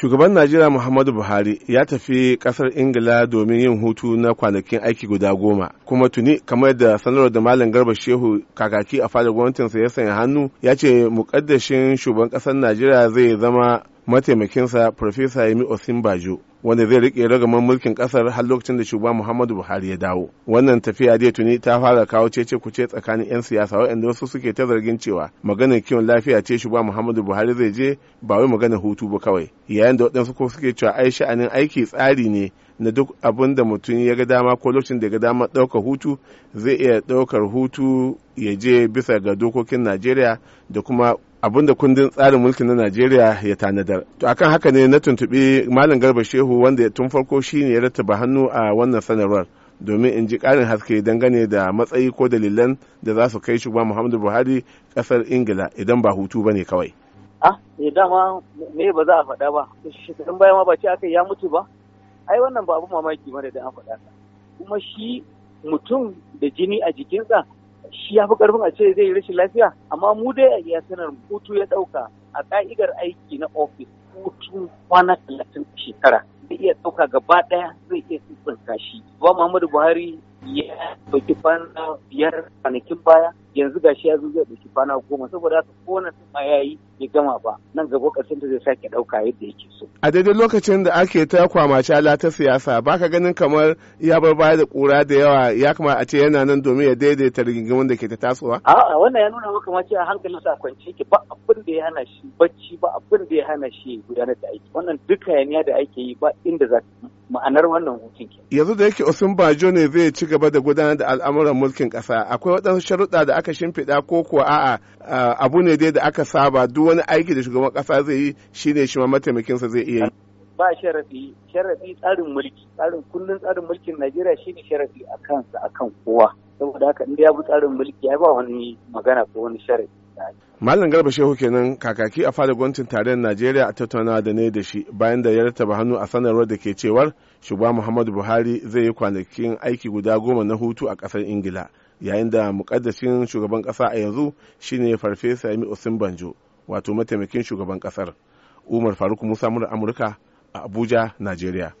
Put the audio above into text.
shugaban najeriya muhammadu buhari ya tafi kasar ingila domin yin hutu na kwanakin aiki guda goma kuma tuni kamar da sanarwar da malam garba shehu kakaki a fadar gwamnatinsa ya sanya hannu ya ce mukaddashin shugaban kasar najeriya zai zama mataimakinsa Profesa yemi osinbajo wanda zai rike ragaman mulkin kasar har lokacin da shugaba Muhammadu Buhari ya dawo. Wannan tafiya dai tuni ta fara kawo cece kuce tsakanin 'yan siyasa waɗanda wasu suke ta zargin cewa maganar kiwon lafiya ce shugaba Muhammadu Buhari zai je ba wai maganar hutu ba kawai. Yayin da waɗansu ko suke cewa ai sha'anin aiki tsari ne na duk abin da mutum ya ga dama ko lokacin da ya ga dama ɗaukar hutu zai iya ɗaukar hutu ya je bisa ga dokokin Najeriya da kuma da kundin tsarin mulkin na Najeriya ya tanadar. To akan haka ne na tuntuɓi Malam Garba Shehu wanda tun farko shi ne ya rattaba hannu a wannan sanarwar domin in ji ƙarin haske dangane da matsayi ko dalilan da za su kai shugaban Muhammadu Buhari ƙasar Ingila idan ba hutu ba ne kawai. Ah, ne eh, dama ne ba za a faɗa ba, shekarun baya ma ba ce aka ya mutu ba, ai wannan ba abin mamaki ba da an faɗa kuma shi mutum da jini a jikinsa shi ya fi karfin a ce zai yi rashin lafiya amma mu dai a iya sanar hutu ya dauka a ka'idar aiki na ofis hutu kwana talatin shekara zai iya dauka gaba daya zai iya tsibbanta shi ba muhammadu buhari ya dauki kifan biyar kwanakin baya yanzu gashi ya zo zai ɗauki kwana goma saboda haka ko na sun ya yi bai gama ba nan gaba ƙarshen ta zai sake ɗauka yadda yake so. A daidai lokacin da ake ta kwama ala ta siyasa baka ganin kamar ya bar baya da ƙura da yawa ya kamata a ce yana nan domin ya daidaita rigingimin da ke ta tasowa. A'a wannan ya nuna maka ma a hankalin sa kwance ke ba abin da ya hana shi bacci ba abin da ya hana shi gudanar da aiki wannan duka yaniya da ake yi ba inda za ma'anar wannan hutun ke. Yanzu da yake Osun Bajo ne zai ci gaba da gudanar da al'amuran mulkin ƙasa akwai waɗansu sharuɗa da aka aka shimfiɗa ko kuwa a'a eh, abu ne dai da aka saba duk wani aiki da shugaban ƙasa zai yi shine shi ma mataimakinsa zai iya yi. ba sharafi sharafi tsarin mulki tsarin kullun tsarin mulkin Najeriya shine sharafi a kansa kan kowa saboda haka inda ya bi tsarin mulki ya ba wani magana ko wani sharafi Malam Garba Shehu kenan kakaki a fada gwamnatin tarayyar Najeriya a tattaunawa da ne da shi bayan da ya rataba hannu a sanarwar da ke cewar shugaba Muhammadu Buhari zai yi kwanakin aiki guda goma na hutu a ƙasar Ingila. yayin da mukaddashin shugaban kasa a yanzu shine farfesa yami osin banjo wato mataimakin shugaban kasar umar faruk musa mura amurka a abuja nigeria.